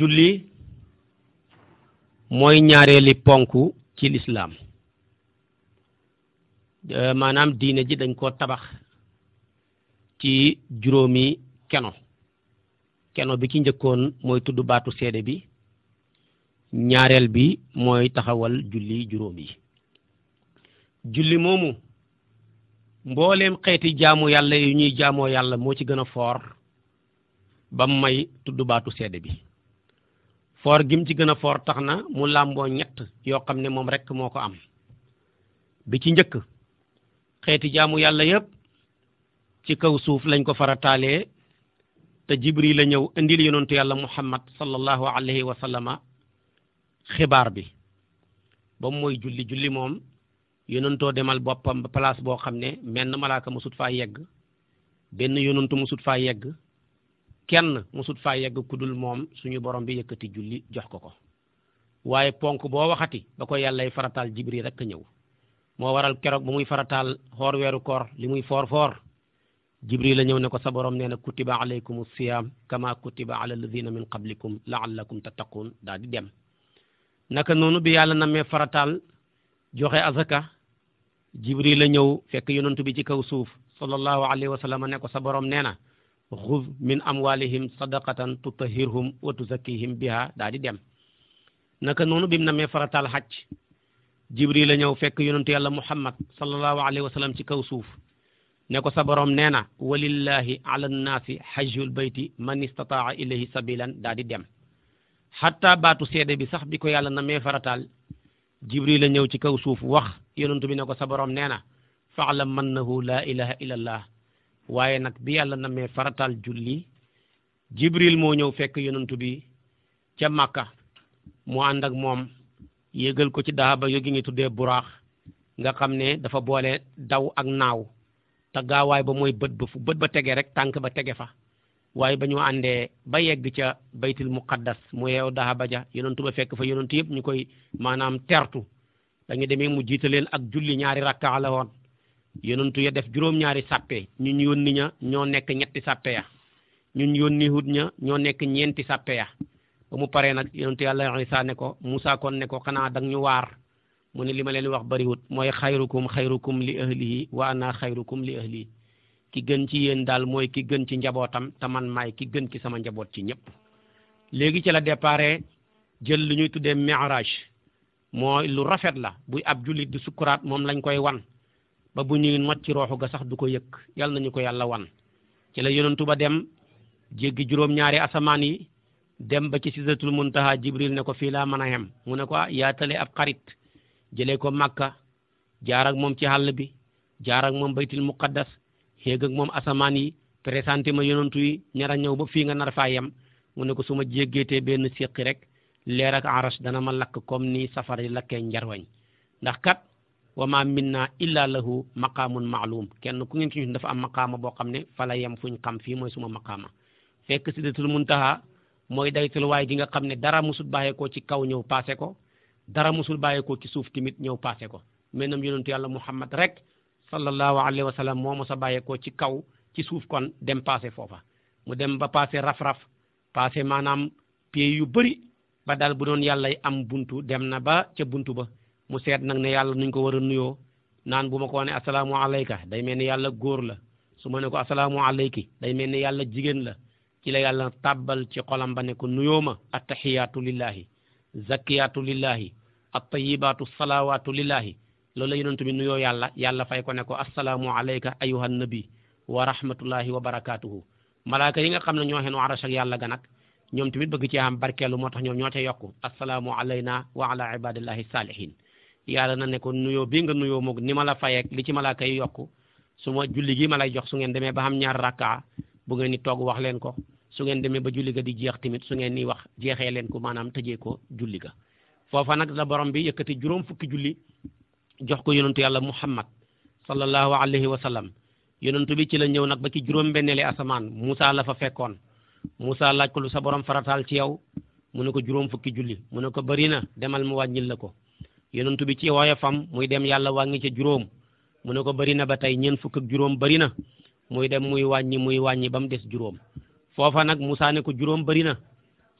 julli mooy ñaareeli ponk ci lislaam euh, maanaam diine ji dañ koo tabax ci juróomi keno keno bi ki njëkkoon mooy tudd baatu seede bi ñaareel bi mooy taxawal julli juróom yi julli moomu mbooleem xeeti jaamu yàlla yu ñuy jaamoo yàlla moo ci gën a foor bam may tudd baatu seede bi foor gi mu ci gën a foor tax na mu làmboo ñett yoo xam ne moom rekk moo ko am bi ci njëkk xeeti jaamu yàlla yépp ci kaw suuf lañ ko farataalee te jibril la ñëw indil yonentu yàlla muhammad sallallahu alayhi wa sallama xibaar bi ba mooy julli julli moom yonentoo demal boppam ba place boo xam ne menn malaaka musut faa yegg benn yonentu musut faa yegg kenn musut faa yegg kudul moom suñu borom bi yëkkati julli jox ko ko waaye ponk boo waxati ba ko yàllay farataal jibri rek a ñëw moo waral keroog ba muy farataal xoor weeru koor li muy foor foor jibril la ñëw ne ko sa borom nee na kutiba alaykum siyam kama kutiba ala alladina daal di dem naka noonu bi yàlla namee farataal joxe azaka jibril la ñëw fekk yonantu bi ci kaw suuf sallallahu alayhi wa sallam ne ko sa borom nee na خذ من أموالهم صدقة تطهرهم وتزكيهم بها دادي ديم نك نونو بيم نامي فراتال حاج جبريل نيو فك يونت يالا محمد صلى الله عليه وسلم سي كاو سوف نكو سا بروم ولله على الناس حج البيت من استطاع اليه سبيلا دادي ديم حتى باتو سيدي بي صاح بيكو يالا نامي فراتال جبريل نيو سي كاو سوف واخ يونت بي نكو سا بروم فعلم انه لا اله الا الله waaye nag bi yàlla na namee farataal julli jibril moo ñëw fekk yonantu bi ca Makka mu ànd ak moom yëgal ko ci ba yogi ñu tuddee buraax nga xam ne dafa boole daw ak naaw te gaawaay ba mooy bët ba fu bët ba tege rek tànk ba tege fa waaye ba ñu àndee ba yegg ca baytil muqaddas mu yeew ba ja yonantu ba fekk fa yonantu yëpp ñu koy maanaam tertu dañu demee mu jiitaleen ak julli ñaari rakka la woon yonentu ya def juróom-ñaari sàppe ñun yónni ña ñoo nekk ñetti sàppe ya ñun yónni hut ña ñoo nekk ñeenti sàppe ya mu paree nag yonentu yàlla Isa ne ko Moussa kon ne ko xanaa dang ñu waar mu ne li ma leen wax bariwut mooy xayrukum xayrukum li ahlihi wa ana xayrukum li ahlihi ki gën ci yéen daal mooy ki gën ci njabootam te man maay ki gën ci sama njaboot ci ñëpp léegi ci la dépare jël lu ñuy tuddee mi'raj mooy lu rafet la buy ab jullit di sukkuraat moom lañ koy wan ba bu ñuy not ci rooxu ga sax du ko yëg yàlla nañu ko yàlla wan ci la yonentu ba dem jéggi juróom-ñaari asamaan yi dem ba ci sidratul muntaha jibril ne ko fii laa mën a yem mu ne ko ah, yaatale ab xarit jëlee ko màkka jaar ak moom ci xàll bi jaar moom baytil muqaddas xéeg ak moom asamaan yi présenté ma yonentu yi ñara ñëw ba fii nga nar faa yem mu ne ko su ma jéggeetee benn séqi rek leer ak aras dana ma lakk comme ni safara yi lakkee njarwañ wa ma minna illa lahu maqaamun maalum kenn ku ngeen ci ñun dafa am maqaama boo xam ne fala yem fuñ kam fii mooy suma maqaama fekk sidatul muntaha mooy daytul waay gi nga xam ne dara musul bàyyeekoo ci kaw ñëw paase ko dara musul bàyyeekoo ci suuf tamit ñëw paase ko mais nam yonentu yàlla muhammad rek sallallahu alayhi wa sallam moo mos a bàyyeekoo ci kaw ci suuf kon dem paase foofa mu dem ba paase raf-raf paase maanaam pied yu bëri ba daal bu doon yàlla am buntu dem na ba ca buntu ba mu seet nag ne yàlla nuñ ko war a nuyoo naan bu ma ko ne asalaamu alayka day mel ni yàlla góor la su ma ne ko asalaamu day mel ni yàlla jigéen la ci la yàlla tàbbal ci xolam ba ne ko nuyoo ma attahiyaatu lillahi zakkiyaatu lillahi attayibaatu salawaatu lillahi loolu la yonent bi nuyoo yàlla yàlla fay ko ne ko asalaamu alayka ayuhan nabi wa rahmatullahi wa barakaatuhu malaaka yi nga xam ne ñoo xeen arash ak yàlla ga nag ñoom tamit bëgg ci am barkeelu moo tax ñoom ñoo ca yokku asalaamu alayna wa ala yalla na ne ko nuyo bi nga nuyo moog ni mala fayek li ci malaaka yi yokku suma julli gi malay jox su ngeen deme ba xam ñaar rakka bu ngeen ni togg wax leen ko su ngeen deme ba julli ga di jeex timit su ngeen ni wax jeexé leen ko manam tejé ko julli ga fofa nak la borom bi yëkëti juroom fukki julli jox ko yalla muhammad sallallahu Alaihi wa sallam yonentu bi ci la ñew nak ba ci juroom benneeli asaman musa la fa fekkon musa laaj ko lu sa borom faratal ci yow mu ne ko juroom fukki julli mu ne ko demal mu wañil la ko yonent bi ci woyofam muy dem yàlla wàññi ca juróom mu ne ko bëri na ba tey ñeent fukk ak juróom bëri na muy dem muy wàññi muy wàññi ba mu des juróom foofa nag Moussa ne ko juróom bëri na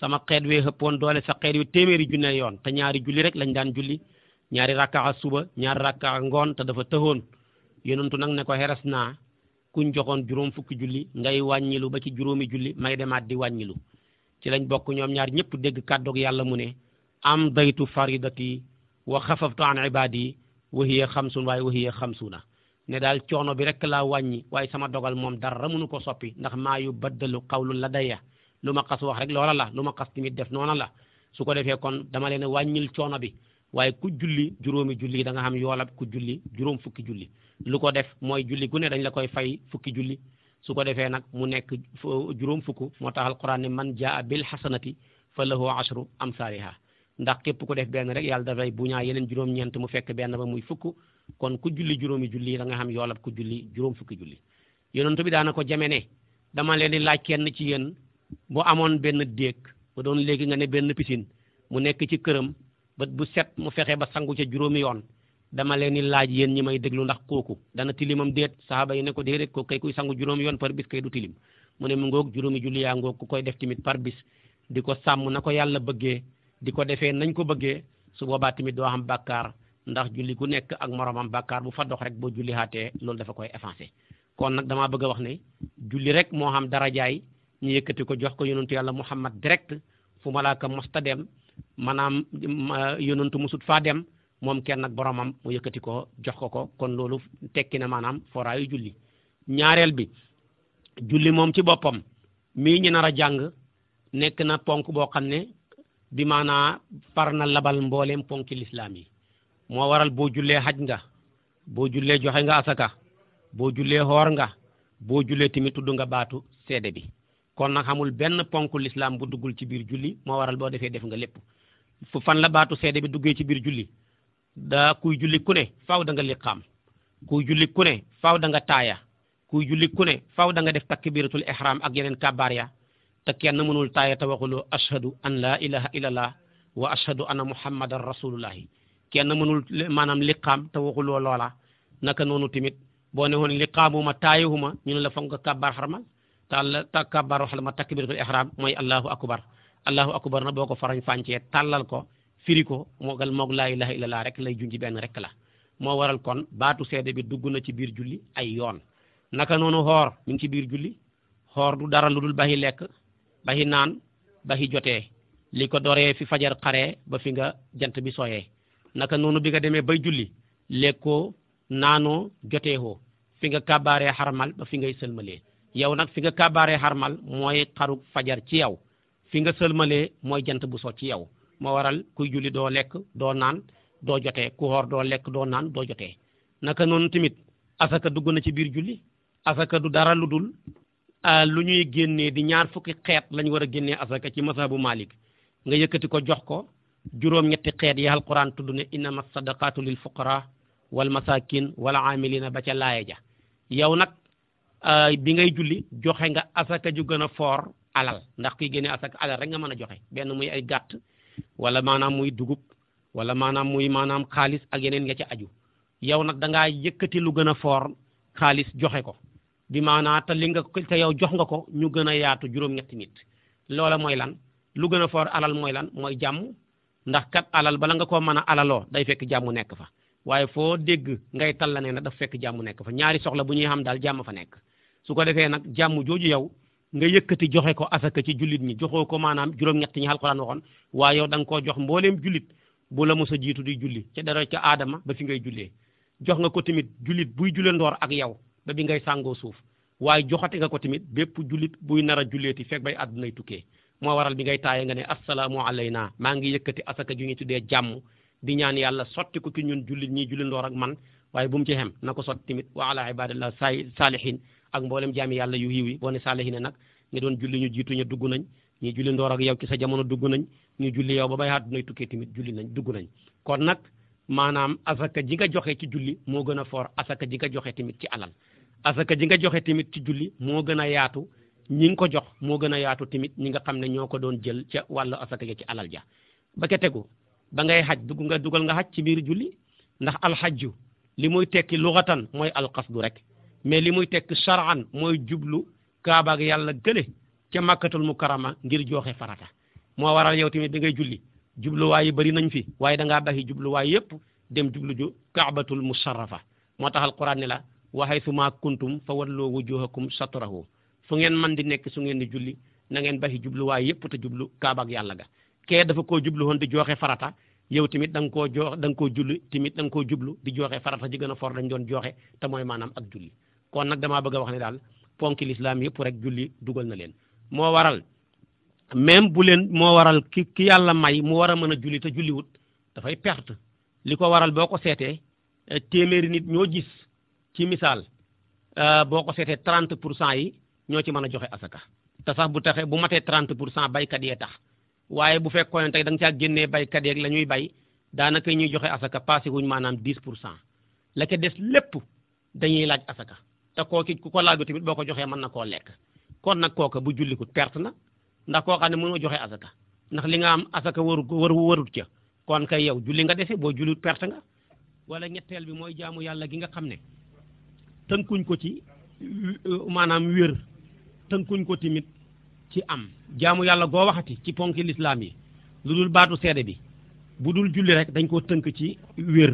sama xeet wee xëppoon doole sa xeet wi téeméeri junne yoon te ñaari julli rek lañ daan julli ñaari rakkaa suba ñaari rakkaa ngoon te dafa tëxoon yonentu nag ne ko xeres naa kuñ joxoon juróom fukki julli ngay wàññilu ba ci juróomi julli may demaat di wàññilu ci lañ bokk ñaar ñëpp dégg kàddoog yàlla mu ne وخففت عن عبادي وهي خمسون واي وهي خمسونة ندال تيونو برك لا واني واي سما دوغال موم دار رمونو كو سوبي نخ ما يبدل قول لدي لما قص واخ رك لولا لا لما قص تيميت ديف نونا لا سوكو ديفي كون داما لين واغنيل تيونو بي واي كو جولي جورومي جولي داغا خام يولا كو جولي جوروم فوكي جولي لوكو ديف موي جولي غوني داني لاكاي فاي فوكي جولي سوكو ديفي نك مو نيك جوروم فوكو موتاخ القران من جاء بالحسنه فله عشر امثالها ndax képp ku def benn rek yàlla dafay bu ñaa yeneen juróom ñent mu fekk benn ba muy fukk kon ku julli juróomi julli da nga xam yoola ku julli juróom fukki julli yonent bi daana ko jame ne leen di laaj kenn ci yéen bu amoon benn déeg ba doon léegi nga ne benn piscine mu nekk ci këram bët bu set mu fexe ba sangu juróomi yoon dama leen di laaj yéen ñi may déglu ndax kooku dana tilimam déet saxaaba yi ne ko déedéet ko kay kuy sangu juróomi yoon par bis kay du tilim mu ne mu ngoog juróomi julli yaa ngoog ku koy def tamit par bis di ko sàmm na ko yàlla bëggee di ko defee nañ ko bëggee su boobaa tamit doo am bakkaar ndax julli ku nekk ak moroomam bakkaar bu fa dox rek boo julli xaatee loolu dafa koy effacé kon nag damaa bëgg a wax ne julli rek moo xam jaay ñu yëkkati ko jox ko yonentu yàlla muhammad direct fu malaaka mosta dem maanaam yonentu musut faa dem moom kenn nag boromam mu yëkkati ko jox ko ko kon loolu tekki na maanaam foraayu julli ñaareel bi julli moom ci boppam mii ñu a jàng nekk na ponk boo xam ne bi maanaa par na labal mbooleem ponki lislaam yi moo waral boo jullee xaj nga boo jullee joxe nga asaka boo jullee xoor nga boo jullee tamit tudd nga baatu seede bi kon nag xamul benn ponk lislaam bu duggul ci biir julli moo waral boo defee def nga lépp fu fan la baatu seede bi duggee ci biir julli da kuy julli ku ne faaw da nga liqaam kuy julli ku ne faaw da nga taaya kuy julli ku ne faaw da nga def takbiratul ihram ak yeneen kabaar ya te kenn mënul taaye te waxuloo ashhadu an laa ilaha illallah wa ashhadu anna muhammadan rasulullah kenn mënul maanaam liqaam te waxuloo loola naka noonu tamit boo ne woon liqaamuma taayihuma ñu ne la foog nga kabbar xarmal te àlla ta kabbaru xarmal ihram mooy allahu akbar allahu akbar na boo ko farañ fàncee tàllal ko firi ko moogal moog laa ilaha illallah rek lay junji benn rek la moo waral kon baatu seede bi dugg ci biir julli ay yoon naka noonu xoor mi ci biir julli xoor du dara lu dul bàyyi ba hi naan ba jotee li ko doree fi fajar xaree ba fi nga jant bi soyee naka noonu bi nga demee bay julli lekkoo naanoo joteewoo fi nga kàbbaaree xarmal ba fi ngay sëlmalee yow nag fi nga kàbbaaree xarmal mooy xaruk fajar ci yow fi nga sëlmalee mooy jant bu so ci yow moo waral kuy julli doo lekk doo naan doo jotee ku xoor doo lekk doo naan doo jotee naka noonu tamit asaka dugg na ci biir julli asaka du dara lu dul lu ñuy génnee di ñaar fukki xeet lañu war a génnee asaka ci masabu Malik nga yëkkati ko jox ko juróom-ñetti xeet yi alquran tudd ne innama sadaqatu lil fuqara wal masakin wal amilina ba ca laaya ja yow nag bi ngay julli joxe nga asaka ju gën a foor alal ndax kuy génnee asaka alal rek nga mën a joxe benn muy ay gàtt wala maanaam muy dugub wala maanaam muy maanaam xaalis ak yeneen nga ci aju yow nag da ngaa yëkkati lu gën a foor xaalis joxe ko bi maanaa te li nga te yow jox nga ko ñu gën a yaatu juróom-ñetti nit loola mooy lan lu gën a foor alal mooy lan mooy jàmm ndax kat alal bala nga koo mën a alaloo day fekk jàmm nekk fa waaye foo dégg ngay talla nee na daf fekk jàmm nekk fa ñaari soxla bu ñuy xam daal jàmm fa nekk su ko defee nag jàmm jooju yow nga yëkkati joxe ko asaka ci jullit ñi joxoo ko maanaam juróom-ñetti ñi alxuraan waxoon waaye yow danga nga koo jox mbooleem jullit bu la mos a jiitu di julli ca dara ca aadama ba fi ngay jullee jox nga ko tamit jullit buy jullandoor ak yow ba bi ngay sàngoo suuf waaye joxate nga ko tamit bépp jullit buy nar a julleeti fekk bay àddunay tukkee moo waral bi ngay taayee nga ne assalaamu na maa ngi yëkkati asaka ju ñu tuddee jàmm di ñaan yàlla sotti ko ñun jullit ñi jullit ndoor man waaye bu mu ci xem na ko sotti tamit wa ala ibadillah saalihin ak mboolem jaami yàlla yu yiw yi boo ne nag ñu doon julli ñu jiitu ñu dugg nañ ñu julli ak yow ci sa jamono dugg nañ ñu julli yow ba bay àddunay tukkee tamit julli nañ dugg nañ kon nag maanaam asaka ji nga joxe ci julli moo gën a foor asaka ji nga joxe tamit ci alal asaka ji nga joxe timit ci julli mo gëna yaatu ñi nga ko jox mo gëna yaatu timit ñi nga xamne ñoko doon jël ci walu asaka ja ci alal ja ba ke teggu ba ngay haj dug nga dugal nga haj ci biir julli ndax li muy tekki moy al rek mais li muy tekki shar'an moy jublu ak yalla gele ci makkatul mukarama ngir joxe farata mo waral yow timit da ngay julli jubluwaay yi bari nañ fi waaye da dahi jublu way yépp dem jublu ju kaabatul musharrafa motax al qur'an la wa haythu ma kuntum fa wallu wujuhakum shatrahu fu ngeen man di nekk su ngeen di julli na ngeen baxi jubluwaay yëpp te jublu kaabaak yàlla ga kee dafa koo jublu woon di jooxe farata yow tamit da nga koo joox da koo julli tamit da nga koo jublu di jooxe farata ji gën a for dañ doon joxe te mooy maanaam ak julli kon nag dama bëgg a wax ne daal ponki lislaam yëpp rek julli dugal na leen moo waral même bu leen moo waral ki ki yàlla may mu war a mën a julli te julliwut dafay perte li ko waral boo ko seetee eh, téeméeri nit ñoo gis ci misal, euh, boo ko seetee 30% yi ño ci mëna joxé asaka ta sax bu taxé bu maté 30% pour cent baykat yee tax waaye bu fekkoon tay dang nga génné baykat la lañuy bay daanaka ñuy joxé asaka passé wuñ manam 10% la ca dess lépp dañuy laaj asaka ko kooki ku ko laaju tamit boko joxé man na ko lekk kon nak kooka bu jullikut perte na ndax ko xamné mëno joxé asaka ndax li nga am asaka waru waru warut ca kon kay yow julli nga dese bo jullit perte nga wala ñettel bi moy jaamu yalla gi nga xamné tënkuñ ko ci euh, maanaam wér tënkuñ ko tamit ci am jaamu yàlla goo waxati ci ponki lislaam yi lu dul baatu seede bi bu dul julli rek dañ koo tënk ci wér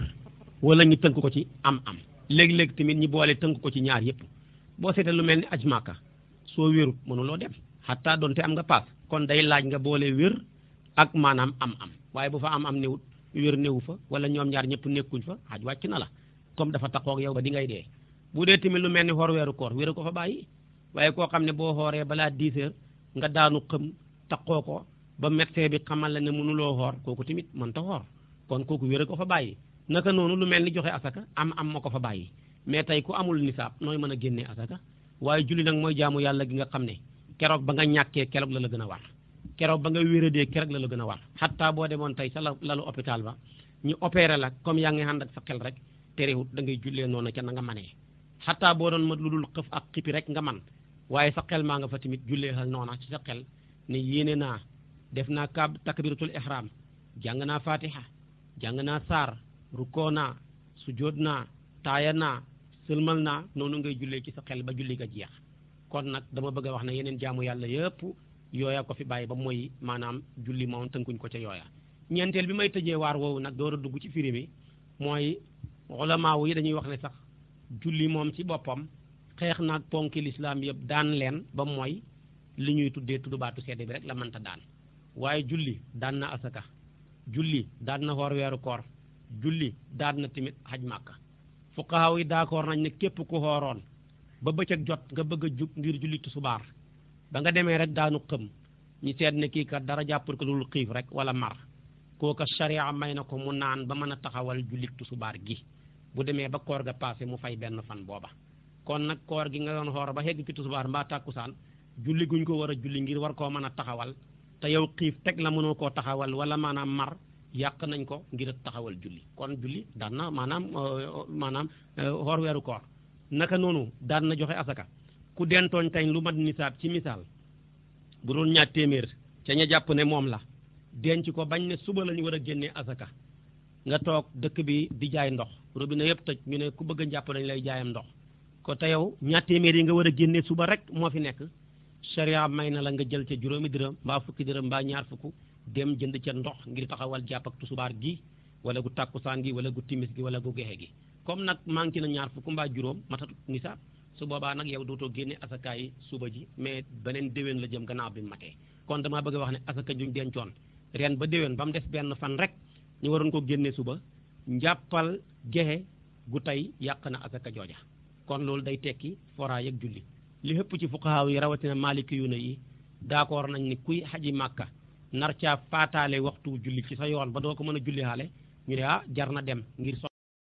wala ñu tënk ko ci am-am léegi-léegi tamit ñi boole tënk ko ci ñaar yëpp boo seetee lu mel ni aj màkka soo wérut mënuloo dem xataa doonte am nga paas kon day laaj nga boole wér ak maanaam am-am waaye bu fa am-am newut wér newu fa wala ñoom ñaar ñëpp nekkuñ fa aj wàcc na la comme dafa taxoo ak yow ba di ngay dee. bu dee tamit lu mel ni xoor weeru koor wéeru ko fa bàyyi waaye koo xam ne boo xooree balaa 10 heures nga daanu xëm koo ko ba médecin bi xamal la ne mënuloo xoor kooku tamit mën ta xoor kon kooku wéeru ko fa bàyyi naka noonu lu mel ni joxe asaka am am ma ko fa bàyyi mais tey ku amul nisaab nooy mën a génnee asaka waaye julli nag mooy jaamu yàlla gi nga xam ne keroog ba nga ñàkkee keroog la la gën a war keroog ba nga wéradee keroog la la gën a war xataa boo demoon tey sa la lalu hôpital ba ñu opéré la comme yaa ngi ànd ak sa xel rek terewut da ngay jullee noonu ca na nga manee xataa boo doon mat lu dul xëf ak xipi rek nga man waaye sa xel maa nga fa tamit jullee xal noona ci sa xel ne yéene naa def naa kab takbiratul ihram jàng naa fatiha jàng naa saar rukkoo naa sujood naa taaya naa sëlmal naa noonu ngay jullee ci sa xel ba julli ga jeex kon nag dama bëgg a wax ne yeneen jaamu yàlla yëpp yooya ko fi bàyyi ba mooy maanaam julli moom tënkuñ ko ca yooya ñeenteel bi may tëjee waar woowu nag door a dugg ci firi mi julli moom ci boppam xeex naag ponki lislaam yëpp daan leen ba mooy li ñuy tuddee tuddubaatu sedd bi rek la mënta daan waaye julli daan na asaka julli daan na xoor weeru koor julli daan na tamit xaj màkka fuqahaa yi d'accord nañ ne képp ku xooroon ba bëccëg jot nga bëgg a jug ngir julli tusubaar ba nga demee rek daanu xëm ñu seet ne kii kat dara jàppul ko loolu xiif rek wala mar kooka sharia may na ko mu naan ba mën a taxawal julli tusubaar gi bu demee ba koor ga passé mu fay benn fan booba kon nag koor gi nga doon xoor ba xegg ci tusubaar mbaa tàkkusaan julli guñ ko war a julli ngir war koo mën a taxawal te yow xiif teg la mënu koo taxawal wala maanaam mar yàq nañ ko ngir taxawal julli kon julli daan na maanaam euh, euh, maanaam euh, xoor weeru koor naka noonu daan na joxe asaka ku dentooñ tey lu mat nisaab ci misaal bu doon ñaar téeméer ca ña jàpp ne moom la denc ko bañ ne suba la ñu war a génnee asaka nga toog dëkk bi di jaay ndox robinet yëpp tëj ñu ne ku bëgg a njàpp dañ lay jaayam ndox ko te yow ñaar téeméer yi nga war a génnee suba rek moo fi nekk sharia may na la nga jël ca juróomi dërëm mbaa fukki dërëm mbaa ñaar fukk dem jënd ca ndox ngir taxawal jàpp ak tusubaar gi wala gu tàkkusaan gi wala gu timis gi wala gu gexe gi comme nag manqué a ñaar fukk mbaa juróom matatu nisaab su boobaa nag yow dootoo génnee asaka yi suba ji mais beneen déwén la jëm gannaaw bi matee kon damaa bëgg wax ne asaka juñ dencoon ren ba déwén ba mu des benn fan rek ñu waroon ko génne suba njàppal gexe gu tey yàq na asaka jooja kon loolu day tekki foraay ak julli li xëpp ci fuqahaaw yi rawatina maaliki yu ne yi d'accord nañ ni kuy xaji màkka nar caa faataale waxtu julli ci sa yoon ba doo ko mën a julli xaale ñu ni ah jar na dem ngir